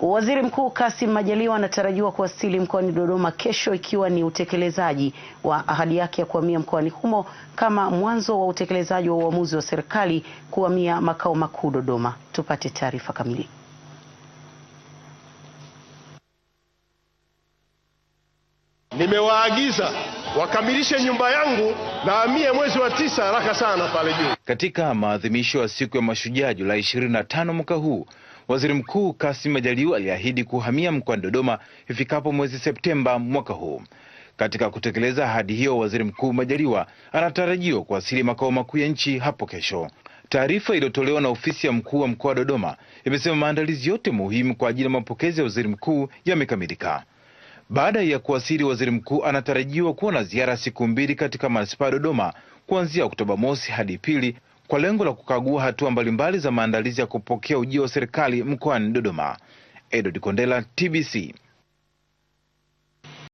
Waziri Mkuu Kassim Majaliwa anatarajiwa kuwasili mkoani Dodoma kesho ikiwa ni utekelezaji wa ahadi yake ya kuhamia mkoani humo kama mwanzo wa utekelezaji wa uamuzi wa serikali kuhamia makao makuu Dodoma. Tupate taarifa kamili. nimewaagiza wakamilishe nyumba yangu na amie mwezi wa tisa haraka sana pale juu. Katika maadhimisho ya siku ya mashujaa Julai 25 mwaka huu, Waziri Mkuu Kassim Majaliwa aliahidi kuhamia mkoani Dodoma ifikapo mwezi Septemba mwaka huu. Katika kutekeleza ahadi hiyo, Waziri Mkuu Majaliwa anatarajiwa kuwasili makao makuu ya nchi hapo kesho. Taarifa iliyotolewa na ofisi ya mkuu wa mkoa wa Dodoma imesema maandalizi yote muhimu kwa ajili ya mapokezi ya waziri mkuu yamekamilika. Baada ya kuwasili, waziri mkuu anatarajiwa kuwa na ziara siku mbili katika manispaa ya Dodoma kuanzia Oktoba mosi hadi pili kwa lengo la kukagua hatua mbalimbali za maandalizi ya kupokea ujio wa serikali mkoani Dodoma. Edward Kondela, TBC.